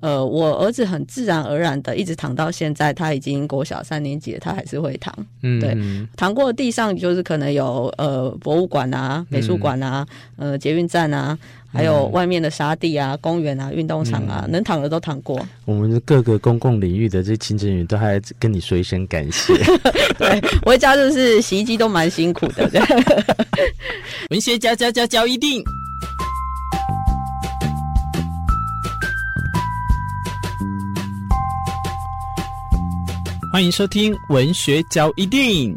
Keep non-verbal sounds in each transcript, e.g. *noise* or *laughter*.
呃，我兒子很自然而然的一直躺到現在，他已經國小三年級了，他還是會躺。嗯，對，躺過地上就是可能有呃博物館啊、美術館啊、嗯、呃捷運站啊，還有外面的沙地啊、公園啊、運動場啊，嗯、能躺的都躺過。我們各個公共領域的這些親子員都還跟你說一聲感謝。 *laughs* 對，我家就是洗衣機都蠻辛苦的。 *laughs* 樣 *laughs* 文學家教教教一定。歡迎收聽文學交易電影。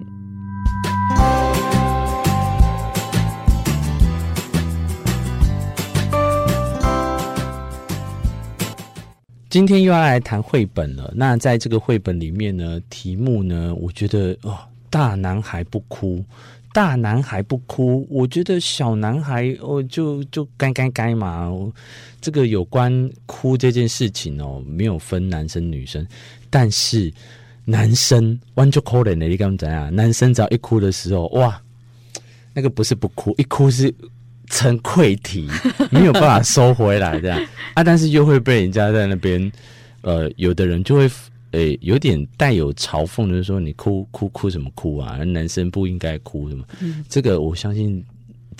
今天又要來談繪本了。那在這個繪本裡面呢，題目呢，我覺得哦，大男孩不哭，大男孩不哭。我覺得小男孩哦，就就該該嘛、哦。這個有關哭這件事情哦，沒有分男生女生，但是。男生彎就哭臉，你講怎麼怎樣？男生只要一哭的時候，哇，那個不是不哭，一哭是成潰堤，沒有辦法收回來的。 *laughs* 啊，但是又會被人家在那邊，呃，有的人就會誒、欸，有點帶有嘲諷的、就是、說：“你哭哭哭什麼哭啊？男生不應該哭什麼。”嗯、這個我相信。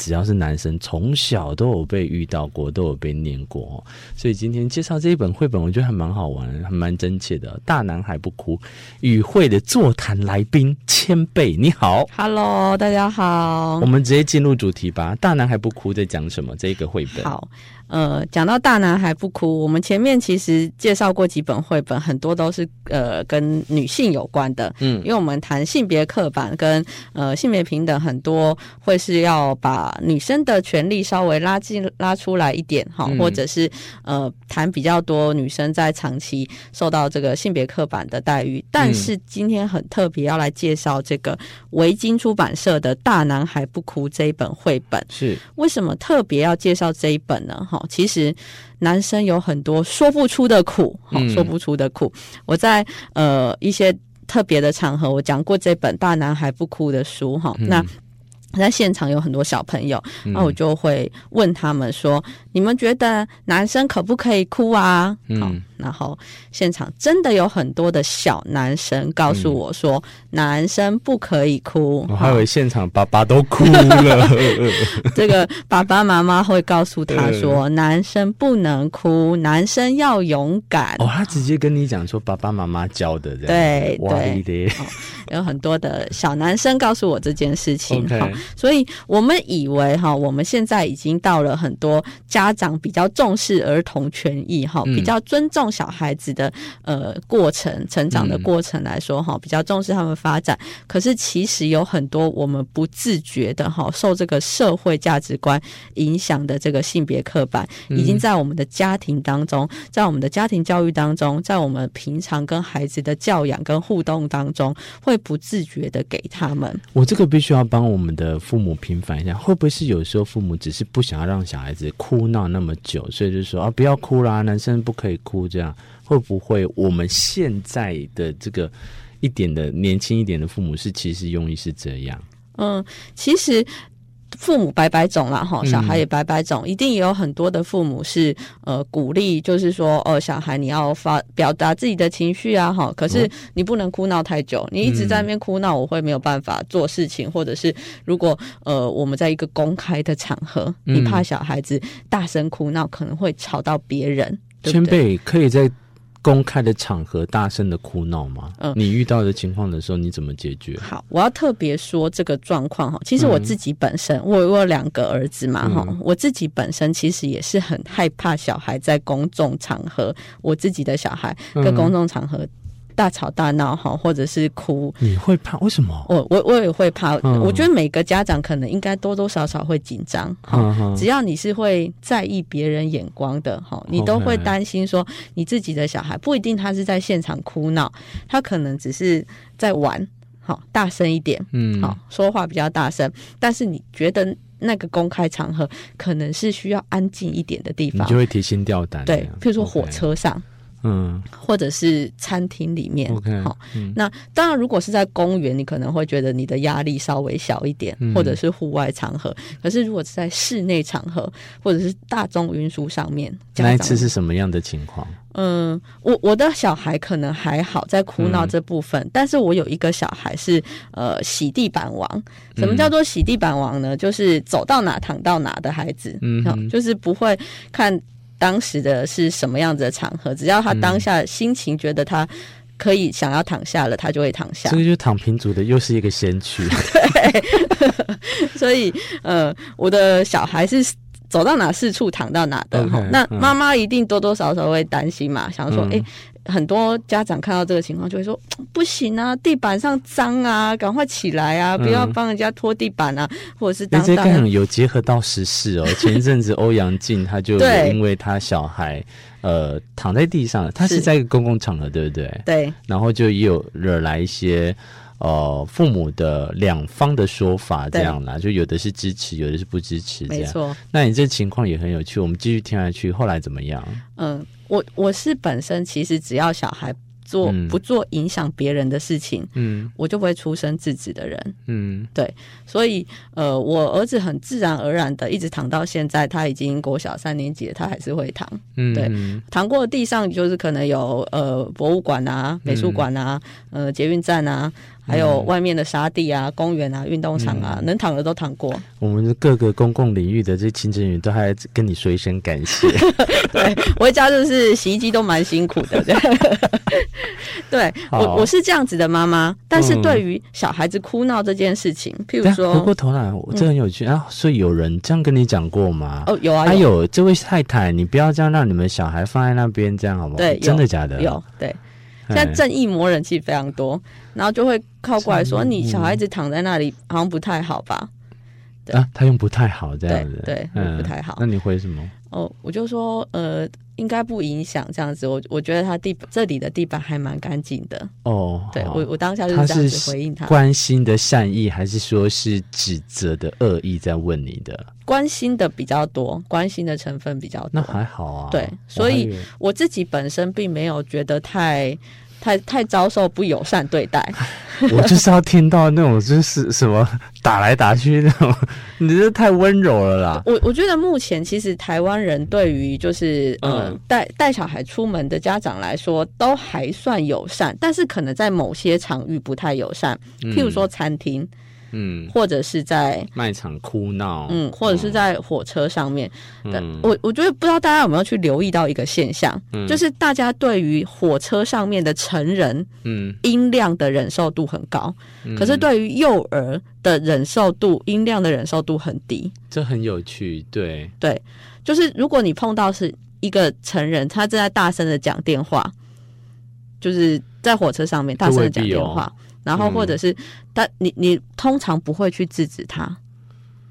只要是男生，從小都有被遇到過，都有被念過，所以今天介紹這一本繪本，我覺得還蠻好玩，還蠻真切的。大男孩不哭，與會的座談來賓千貝你好，Hello，大家好，我們直接進入主題吧。大男孩不哭在講什麼？這個繪本。好呃，講到大男孩不哭，我們前面其實介紹過幾本繪本，很多都是呃跟女性有關的，嗯，因為我們談性別刻板跟呃性別平等，很多會是要把女生的權利稍微拉進拉出來一點哈，嗯、或者是呃談比較多女生在長期受到這個性別刻板的待遇，嗯、但是今天很特別要來介紹這個維京出版社的大男孩不哭這一本繪本，是。為什麼特別要介紹這一本呢？哈？其實，男生有很多說不出的苦，說不出的苦。嗯、我在呃一些特別的場合，我講過這本《大男孩不哭》的書哈。嗯、那在現場有很多小朋友，那我就會問他們說：“嗯、你們覺得男生可不可以哭啊？”嗯。好然後現場真的有很多的小男生告訴我說：“男生不可以哭。”嗯，我還以為現場爸爸都哭了。 *laughs* 這個爸爸媽媽會告訴他說：“男生不能哭，呃、男生要勇敢。”哦，他直接跟你講說爸爸媽媽教的這樣，對對對。有很多的小男生告訴我這件事情好，Okay. 所以我們以為哈，我們現在已經到了很多家長比較重視兒童權益哈，嗯、比較尊重。小孩子的呃過程成長的過程來說哈，嗯、比較重視他們發展。可是其實有很多我們不自覺的哈，受這個社會價值觀影響的這個性別刻板，嗯、已經在我們的家庭當中，在我們的家庭教育當中，在我們平常跟孩子的教養跟互動當中，會不自覺的給他們。我這個必須要幫我們的父母平反一下，會不會是有時候父母只是不想要讓小孩子哭鬧那麼久，所以就說啊，不要哭啦，男生不可以哭這樣。會不會我們現在的這個一點的年輕一點的父母是其實用意是這樣？嗯，其實父母擺擺種了哈，小孩也擺擺種。嗯、一定也有很多的父母是呃鼓勵，就是說哦，小孩你要發表達自己的情緒啊哈，可是你不能哭鬧太久，你一直在那邊哭鬧，我會沒有辦法做事情，嗯、或者是如果呃我們在一個公開的場合，你怕小孩子大聲哭鬧可能會吵到別人。前輩可以在公開的場合大聲的哭鬧嗎？呃、你遇到的情況的時候，你怎麼解決？好，我要特別說這個狀況哈。其實我自己本身，嗯、我，我有兩個兒子嘛哈，嗯、我自己本身其實也是很害怕小孩在公眾場合，我自己的小孩在公眾場合。嗯大吵大鬧哈，或者是哭，你會怕？為什麼？我我我也會怕。嗯，我覺得每個家長可能應該多多少少會緊張，嗯、哼只要你是會在意別人眼光的哈，你都會擔心說你自己的小孩 Okay. 不一定他是在現場哭鬧，他可能只是在玩，好，大聲一點，嗯，好，說話比較大聲。但是你覺得那個公開場合可能是需要安靜一點的地方，你就會提心吊膽。對，譬如說火車上。Okay. 嗯，或者是餐廳裡面，OK，好，那當然，如果是在公園，你可能會覺得你的壓力稍微小一點，或者是戶外場合。嗯、可是如果是在室內場合，或者是大眾運輸上面，那一次是什麼樣的情況？嗯，我我的小孩可能還好，在哭鬧這部分，嗯、但是我有一個小孩是呃洗地板王。什麼叫做洗地板王呢？嗯、就是走到哪躺到哪的孩子，嗯哼、哦，就是不會看。當時的是什麼樣子的場合？只要他當下心情覺得他可以想要躺下了，嗯、他就會躺下。這個就是躺平族的又是一個先驅。 *laughs* 對呵呵，所以呃，我的小孩是走到哪四處躺到哪的，okay，那媽媽一定多多少少會擔心嘛，嗯、想說、欸很多家長看到這個情況，就會說：“不行啊，地板上髒啊，趕快起來啊，不要幫人家拖地板啊。嗯”或者是大家這樣有結合到時事哦。 *laughs* 前一陣子歐陽靖他就因為他小孩呃躺在地上，對他是在一個公共場合是對不對？對。然後就也有惹來一些呃父母的兩方的說法，這樣啦，對就有的是支持，有的是不支持，這樣，錯那你這情況也很有趣，我們繼續聽下去，後來怎麼樣？嗯、呃。我我是本身其實只要小孩做不做影響別人的事情，嗯、我就不會出聲制止的人。嗯，對，所以呃，我兒子很自然而然的一直躺到現在，他已經國小三年級了，他還是會躺。嗯，對，躺過地上就是可能有呃博物館啊、美術館啊、嗯、呃捷運站啊。還有外面的沙地啊、公園啊、運動場啊，能躺的都躺過。我們的各個公共領域的這些清潔員，都還跟你說一聲感謝。對，我家就是洗衣機都蠻辛苦的。對我，我是這樣子的媽媽，但是對於小孩子哭鬧這件事情，譬如說回過頭來，我這很有趣啊。所以有人這樣跟你講過嗎？哦，有啊。還有，這位太太，你不要這樣讓你們小孩放在那邊，這樣好不好？對，真的假的？有，對。現在正義魔人氣非常多，然後就會靠過來說：“你小孩子躺在那裡，好像不太好吧？”對啊，他用不太好，這樣子對，對不太好。呃、那你回什麼？哦，我就說呃。應該不影響這樣子，我我覺得他地這裡的地板還蠻乾淨的哦。Oh, 對，我我當下就是這樣子回應他，他關心的善意還是說是指責的惡意在問你的？關心的比較多，關心的成分比較多，那、oh, 對還好啊。對，所以，我，以我自己本身並沒有覺得太。太太遭受不友善對待， *laughs* 我就是要聽到那種就是什麼打來打去那種，你這太溫柔了啦！我我覺得目前其實台灣人對於就是、嗯、呃帶帶小孩出門的家長來說，都還算友善，但是可能在某些場域不太友善，譬如說餐廳。嗯嗯，或者是在賣場哭鬧，嗯，或者是在火車上面，嗯、但我我覺得不知道大家有沒有去留意到一個現象，嗯、就是大家對於火車上面的成人，嗯，音量的忍受度很高，嗯、可是對於幼兒的忍受度，嗯、音量的忍受度很低，這很有趣，對，對，就是如果你碰到是一個成人，他正在大聲的講電話，就是在火車上面大聲的講電話。然後或者是，但、嗯、你你通常不會去制止他，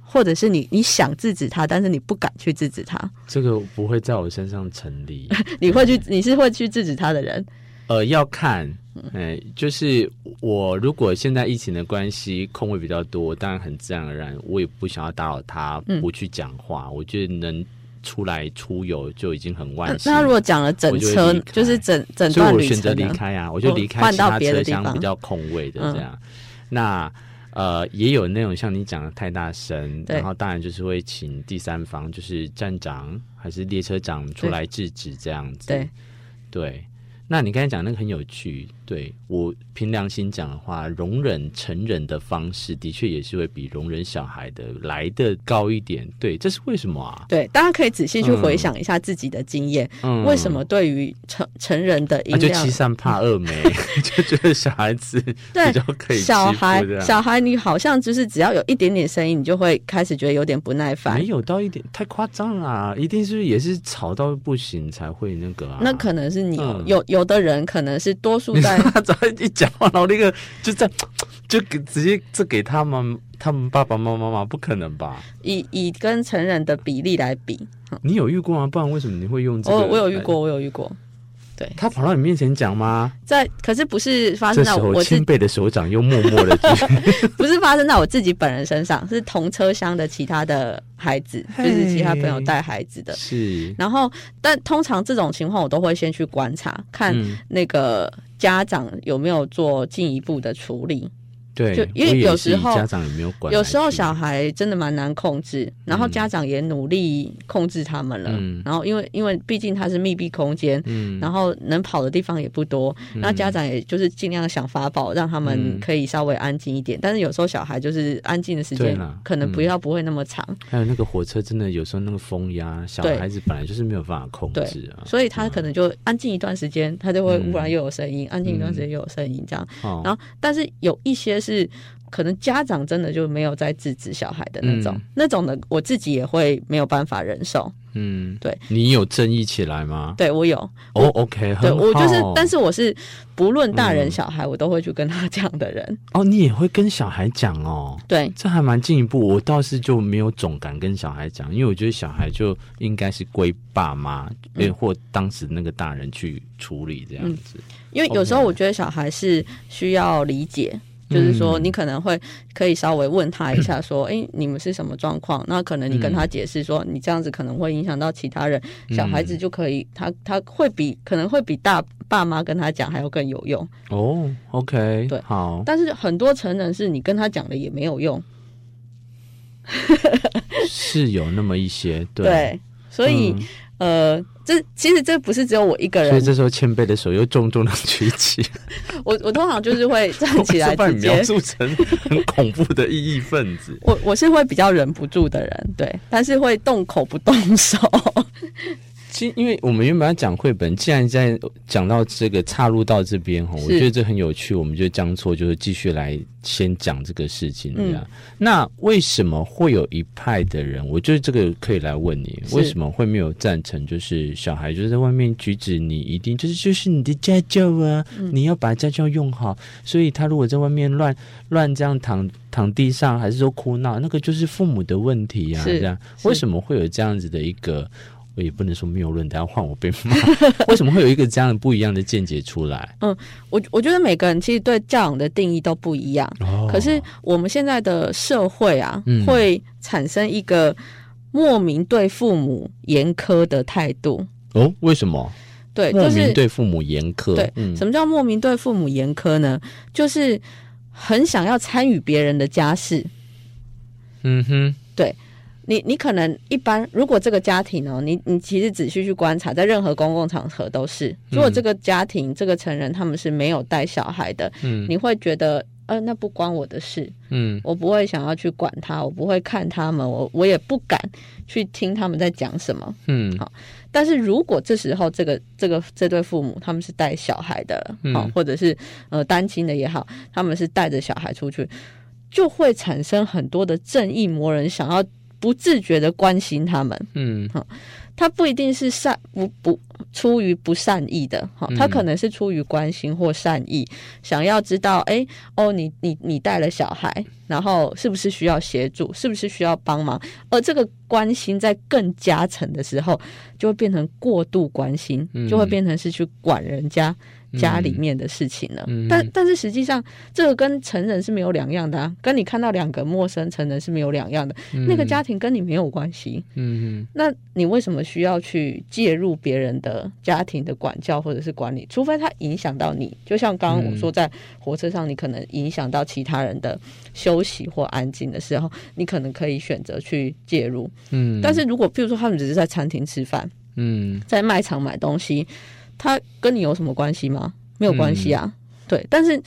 或者是你你想制止他，但是你不敢去制止他。這個不會在我身上成立。 *laughs* 你會去，嗯、你是會去制止他的人。呃，要看，哎、呃，就是我如果現在疫情的關係，空位比較多，當然很自然而然，我也不想要打擾他，不去講話。嗯、我覺得能出來出遊就已經很萬幸，嗯。那如果講了整車，就，就是整整段旅程呢？所以，我選擇離開啊，我就離開其他車廂比較空位的這樣。嗯、那呃，也有那種像你講的太大聲，嗯、然後當然就是會請第三方，就是站長還是列車長出來制止這樣子。對，對。對那你剛才講那個很有趣，對，我憑良心講的話，容忍成人的方式的確也是會比容忍小孩的來得高一點，對，這是為什麼啊？對，大家可以仔細去回想一下自己的經驗，嗯、為什麼對於成成人的音、啊、就欺善怕惡沒就覺得小孩子比較可以，小孩小孩你好像就是只要有一點點聲音，你就會開始覺得有點不耐煩。沒有到一點太誇張啊，一定是，是也是吵到不行才會那個、啊。那可能是你有有。嗯有的人可能是多數在，只要一講話，然後那個就這樣，就給直接這給他們他們爸爸媽媽嘛，不可能吧？以以跟成人的比例來比，嗯、你有遇過嗎？不然為什麼你會用這個、哦？我有遇過，我有遇過。對他跑到你面前講嗎？在，可是不是發生在我親輩的手掌，又默默的 *laughs* 不是發生在我自己本人身上，是同車廂的其他的孩子，hey, 就是其他朋友帶孩子的。是，然後但通常這種情況，我都會先去觀察，看那個家長有沒有做進一步的處理。嗯。對，就因為有時候家長也沒有管，有時候小孩真的蠻難控制，然後家長也努力控制他們了。然後因為因為畢竟他是密閉空間，然後能跑的地方也不多，那家長也就是盡量想法報，讓他們可以稍微安靜一點。但是有時候小孩就是安靜的時間可能不要不會那麼長。還有那個火車真的有時候那個風壓，小孩子本來就是沒有辦法控制啊，所以他可能就安靜一段時間，他就會忽然又有聲音；安靜一段時間又有聲音，這樣。然後但是有一些是。是，可能家長真的就沒有在制止小孩的那種，嗯、那種的，我自己也會沒有辦法忍受。嗯，對，你有正義起來嗎？對，我有。哦、oh，OK，對好我就是，但是我是不論大人小孩，嗯、我都會去跟他講的人。哦，oh, 你也會跟小孩講哦？對，這還蠻進一步。我倒是就沒有總敢跟小孩講，因為我覺得小孩就應該是歸爸媽，嗯、或當時那個大人去處理這樣子、嗯。因為有時候我覺得小孩是需要理解。就是說，你可能會可以稍微問他一下，說，哎、嗯欸，你們是什麼狀況？那可能你跟他解釋說，你這樣子可能會影響到其他人，嗯、小孩子就可以，他他會比可能會比大爸媽跟他講還要更有用哦。OK，對，好。但是很多成人是你跟他講了也沒有用， *laughs* 是有那麼一些對，對，所以、嗯、呃。這其實這不是只有我一個人，所以這時候謙卑的手又重重的舉起。 *laughs* 我我通常就是會站起來直接，我把你描述成很恐怖的異議分子。 *laughs* 我我是會比較忍不住的人，對，但是會動口不動手。 *laughs* 其實，因為我們原本要講繪本，既然在講到這個岔入到這邊哈，是我覺得這很有趣，我們就將錯就是繼續來先講這個事情這樣。嗯、那為什麼會有一派的人？我覺得這個可以來問你，是為什麼會沒有贊成？就是小孩就是在外面舉止你，你一定就是就是你的家教啊，嗯、你要把家教用好。所以他如果在外面亂亂這樣躺躺地上，還是說哭鬧，那個就是父母的問題啊，是這樣。是為什麼會有這樣子的一個？我也不能說謬論，他要換我被罵。 *laughs* 為什麼會有一個這樣的不一樣的見解出來？ *laughs* 嗯，我我覺得每個人其實對教養的定義都不一樣。哦、可是我們現在的社會啊，嗯、會產生一個莫名對父母嚴苛的態度。哦，為什麼？對，就是、莫名對父母嚴苛。嗯、對，什麼叫莫名對父母嚴苛呢？就是很想要參與別人的家事。嗯哼，對。你你可能一般，如果這個家庭哦，你你其實仔細去觀察，在任何公共場合都是。如果這個家庭、嗯、這個成人他們是沒有帶小孩的，嗯，你會覺得呃那不關我的事，嗯，我不會想要去管他，我不會看他們，我我也不敢去聽他們在講什麼，嗯，好、哦。但是如果這時候這個這個這對父母他們是帶小孩的，好、哦，嗯、或者是呃單親的也好，他們是帶着小孩出去，就會產生很多的正義魔人想要。不自覺地關心他們，嗯，他不一定是善不不出於不善意的，哈，他可能是出於關心或善意，嗯，想要知道，誒，哦，你你你帶了小孩，然後是不是需要協助，是不是需要幫忙？而這個關心在更加層的時候，就會變成過度關心，就會變成是去管人家。嗯家裡面的事情呢？嗯嗯、但但是實際上，這個跟成人是沒有兩樣的、啊，跟你看到兩個陌生成人是沒有兩樣的。嗯、那個家庭跟你沒有關係、嗯。嗯，那你為什麼需要去介入別人的家庭的管教或者是管理？除非他影響到你，就像剛剛我說，嗯、在火車上你可能影響到其他人的休息或安靜的時候，你可能可以選擇去介入。嗯，但是如果譬如說他們只是在餐廳吃飯，嗯，在賣場買東西。他跟你有什麼關係嗎？沒有關係啊，嗯、對。但是，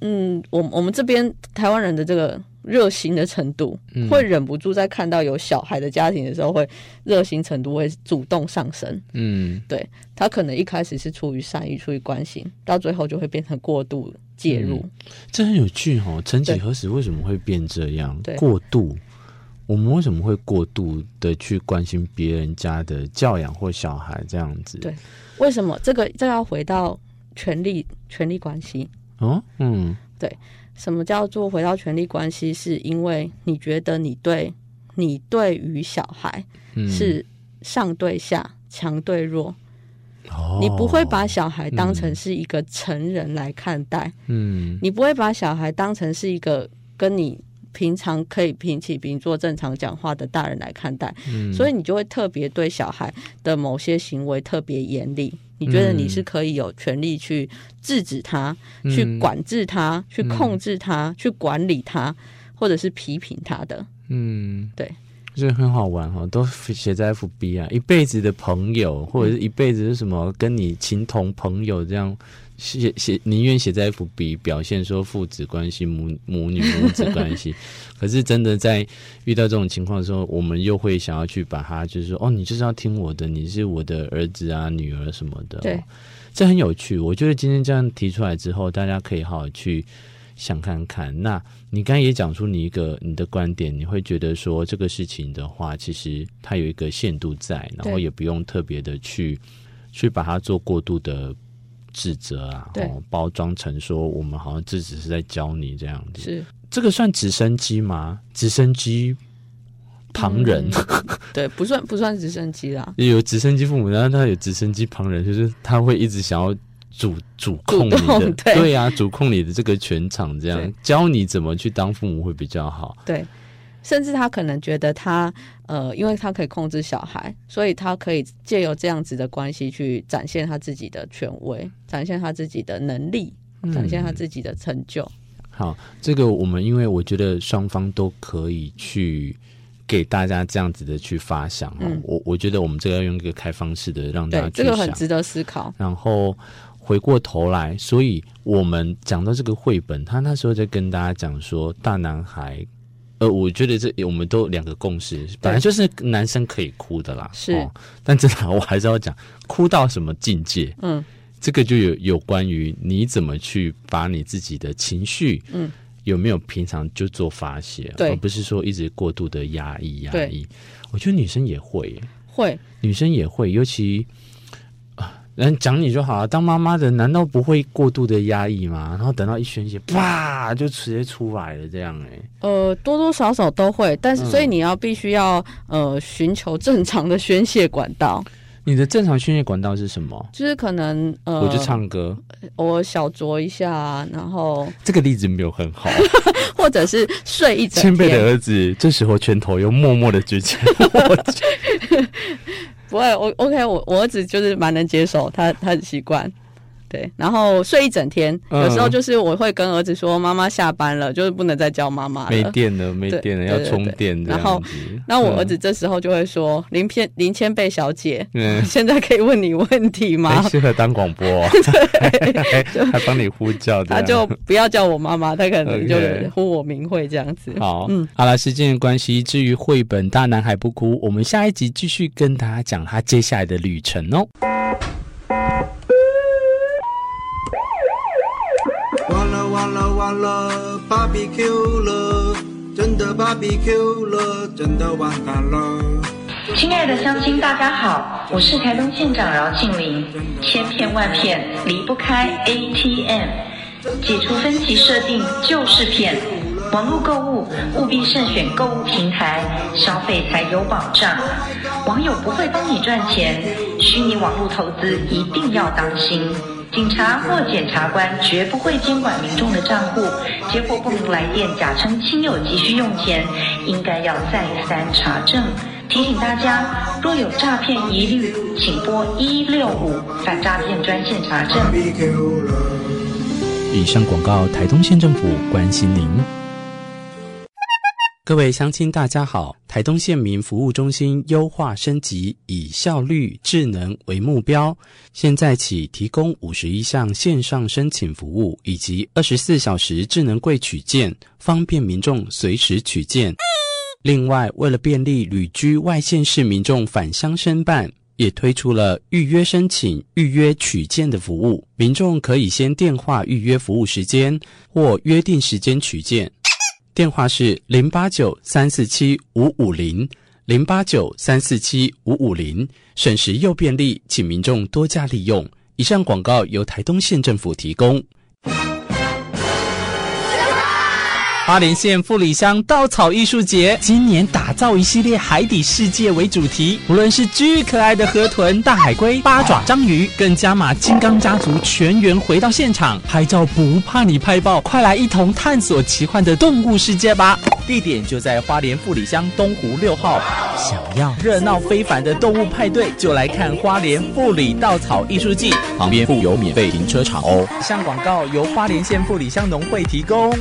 嗯，我我們這邊台灣人的這個熱心的程度，嗯、會忍不住在看到有小孩的家庭的時候，會熱心程度會主動上升。嗯，對。他可能一開始是出於善意，出於關心，到最後就會變成過度介入。這很、嗯、有趣哦，曾幾何時為什麼會變這樣？過度。我們為什麼會過度的去關心別人家的教養或小孩這樣子？對，為什麼這個這要回到權力權力關係？哦，嗯，對，什麼叫做回到權力關係？是因為你覺得你對你對於小孩是上對下強對弱，嗯，你不會把小孩當成是一個成人來看待，嗯，你不會把小孩當成是一個跟你。平常可以平起平坐、正常講話的大人來看待，嗯、所以你就會特別對小孩的某些行為特別嚴厲。你覺得你是可以有權利去制止他、嗯、去管制他、去控制他、嗯、去管理他，或者是批評他的？嗯，對。就是很好玩哈，都寫在 F B 啊，一輩子的朋友，或者是一輩子是什麼，跟你情同朋友這樣寫寫，寧願寫在 F B，表現說父子關係、母母女母子關係。 *laughs* 可是真的在遇到這種情況的時候，我們又會想要去把他，就是說，哦，你就是要聽我的，你是我的兒子啊、女兒什麼的。對，這很有趣。我覺得今天這樣提出來之後，大家可以好好去。想看看，那你剛剛也講出你一個你的觀點，你會覺得說這個事情的話，其實它有一個限度在，然後也不用特別的去對去把它做過度的指責啊，然後對包裝成說我們好像這只是在教你這樣子。是這個算直升機嗎？直升機旁人？嗯、對，不算不算直升機啦。有直升機父母，然後他有直升機旁人，就是他會一直想要。主主控你的對，對啊，主控你的這個全場，這樣對教你怎麼去當父母會比較好。對，甚至他可能覺得他呃，因為他可以控制小孩，所以他可以借由這樣子的關係去展現他自己的權威，展現他自己的能力，嗯、展現他自己的成就。好，這個我們因為我覺得雙方都可以去給大家這樣子的去發想、嗯、我我覺得我們這個要用一個開放式的讓大家去。對這個很值得思考。然後。回過頭來，所以我們講到這個繪本，他那時候在跟大家講說大男孩，呃，我覺得這我們都兩個共識，本來就是男生可以哭的啦，對哦、是。但真的，我還是要講哭到什麼境界？嗯，這個就有有關於你怎麼去把你自己的情緒，嗯，有沒有平常就做發洩，嗯、而不是說一直過度的壓抑壓抑？對我覺得女生也會，會，女生也會，尤其。人講你就好了，啊，當媽媽的難道不會過度的壓抑嗎？然後等到一宣洩，啪就直接出來了，這樣哎、欸。呃，多多少少都會，但是所以你要必須要、嗯、呃尋求正常的宣洩管道。你的正常宣洩管道是什麼？就是可能呃，我就唱歌，我小酌一下，然後這個例子沒有很好， *laughs* 或者是睡一覺。前輩的兒子，這時候拳頭又默默的舉起。 *laughs* *laughs* 不會，我 OK，我我兒子就是蠻能接受，他他很習慣。對，然後睡一整天，有時候就是我會跟兒子說：“媽媽下班了，就是不能再叫媽媽。”沒電了，沒電了，要充電。然後，那我兒子這時候就會說：“林片林千貝小姐，嗯，現在可以問你問題嗎？”你適合當廣播，對，還幫你呼叫。他就不要叫我媽媽，他可能就呼我名諱這樣子。好，嗯，好了，時間的關係，至於繪本《大男孩不哭》，我們下一集繼續跟大家講他接下來的旅程哦。芭比 Q 了，真的芭比 Q 了，真的完蛋了。親愛的鄉親，大家好，我是台東縣長饒慶鈴。千騙萬騙離不開 ATM，解除分歧設定就是騙。網絡購物務必慎選購物平台，消費才有保障。網友不會幫你賺錢，虛擬網絡投資一定要當心。警察或檢察官絕不會監管民眾的賬戶。接獲不明來電，假稱親友急需用錢，應該要再三查證。提醒大家，若有詐騙疑慮，請撥一六五反詐騙專線查證。以上廣告，台東縣政府關心您。各位鄉親，大家好！台東縣民服務中心優化升級，以效率、智能為目標。現在起提供五十一項線上申請服務，以及二十四小時智能櫃取件，方便民眾隨時取件。另外，為了便利旅居外縣市民眾返鄉申辦，也推出了預約申請、預約取件的服務。民眾可以先電話預約服務時間，或約定時間取件。電話是零八九三四七五五零零八九三四七五五零，50, 50, 省時又便利，請民眾多加利用。以上廣告由台東縣政府提供。花蓮縣富里鄉稻草藝術節今年打造一系列海底世界為主題，無論是巨可愛的河豚、大海龜、八爪章魚，更加碼金剛家族全員回到現場拍照，不怕你拍爆！快來一同探索奇幻的動物世界吧！地點就在花蓮富里鄉東湖六號。想要熱鬧非凡的動物派對，就來看花蓮富里稻草藝術節，旁邊附有免費停車場哦。這項廣告由花蓮縣富里鄉農會提供。